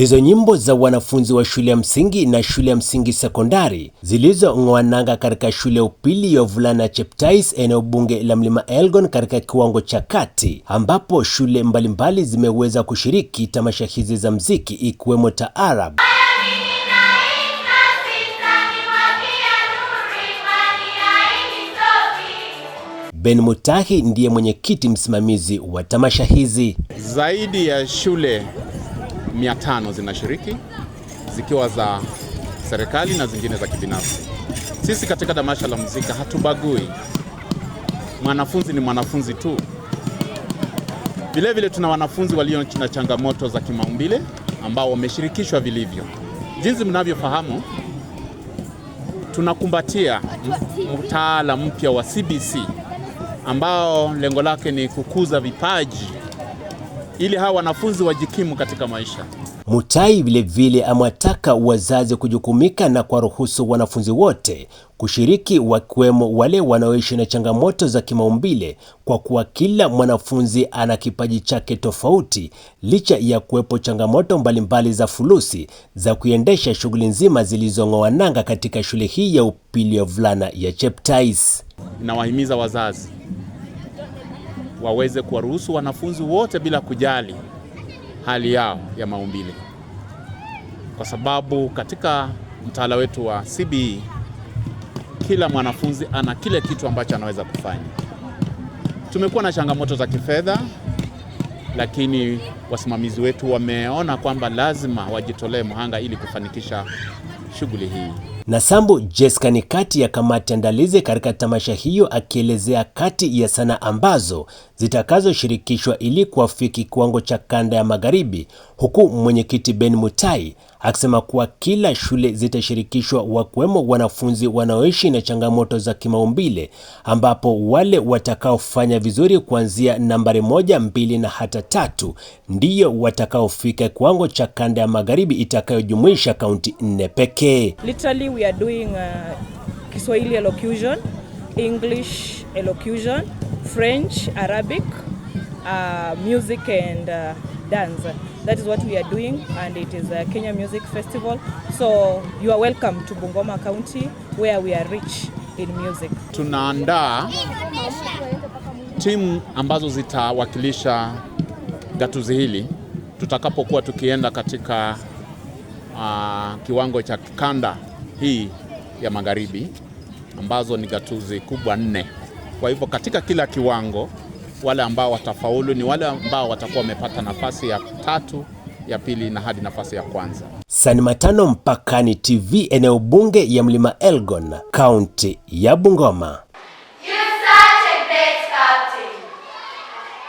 ndizo nyimbo za wanafunzi wa shule ya msingi na shule ya msingi sekondari zilizong'oananga katika shule ya upili ya vulana Cheptais eneo bunge la Mlima Elgon katika kiwango cha kati, ambapo shule mbalimbali zimeweza kushiriki tamasha hizi za mziki ikiwemo taarab Ben Mutahi ndiye mwenyekiti msimamizi wa tamasha hizi. Zaidi ya shule 500 zinashiriki zikiwa za serikali na zingine za kibinafsi. Sisi katika tamasha la muziki hatubagui, mwanafunzi ni mwanafunzi tu. Vilevile tuna wanafunzi walio na changamoto za kimaumbile ambao wameshirikishwa vilivyo. Jinsi mnavyofahamu, tunakumbatia mtaala mpya wa CBC ambao lengo lake ni kukuza vipaji ili hawa wanafunzi wajikimu katika maisha. Mutai vilevile amewataka wazazi kujukumika na kuwaruhusu wanafunzi wote kushiriki, wakiwemo wale wanaoishi na changamoto za kimaumbile, kwa kuwa kila mwanafunzi ana kipaji chake tofauti, licha ya kuwepo changamoto mbalimbali za fulusi za kuendesha shughuli nzima zilizong'oa nanga katika shule hii ya upili ya vulana ya Cheptais. Nawahimiza wazazi waweze kuwaruhusu wanafunzi wote bila kujali hali yao ya maumbile, kwa sababu katika mtaala wetu wa CBE kila mwanafunzi ana kile kitu ambacho anaweza kufanya. Tumekuwa na changamoto za kifedha lakini wasimamizi wetu wameona kwamba lazima wajitolee mhanga ili kufanikisha shughuli hii. Na Sambo Jessica ni kati ya kamati andalizi katika tamasha hiyo, akielezea kati ya sanaa ambazo zitakazoshirikishwa ili kuafiki kiwango cha kanda ya magharibi, huku mwenyekiti Ben Mutai akisema kuwa kila shule zitashirikishwa wakiwemo wanafunzi wanaoishi na changamoto za kimaumbile, ambapo wale watakaofanya vizuri kuanzia nambari moja, mbili na hata tatu ndiyo watakaofika kiwango cha kanda ya magharibi itakayojumuisha kaunti nne pekee. Literally we are doing uh, Kiswahili elocution, English elocution, French, Arabic, uh, music and uh, dance. That is what we are doing and it is a Kenya Music Festival. So you are welcome to Bungoma County where we are rich in music. Tunaandaa timu ambazo zitawakilisha gatuzi hili tutakapokuwa tukienda katika uh, kiwango cha kanda hii ya magharibi ambazo ni gatuzi kubwa nne. Kwa hivyo katika kila kiwango wale ambao watafaulu ni wale ambao watakuwa wamepata nafasi ya tatu, ya pili na hadi nafasi ya kwanza. Sani Matano, Mpakani TV, eneo bunge ya Mlima Elgon, kaunti ya Bungoma.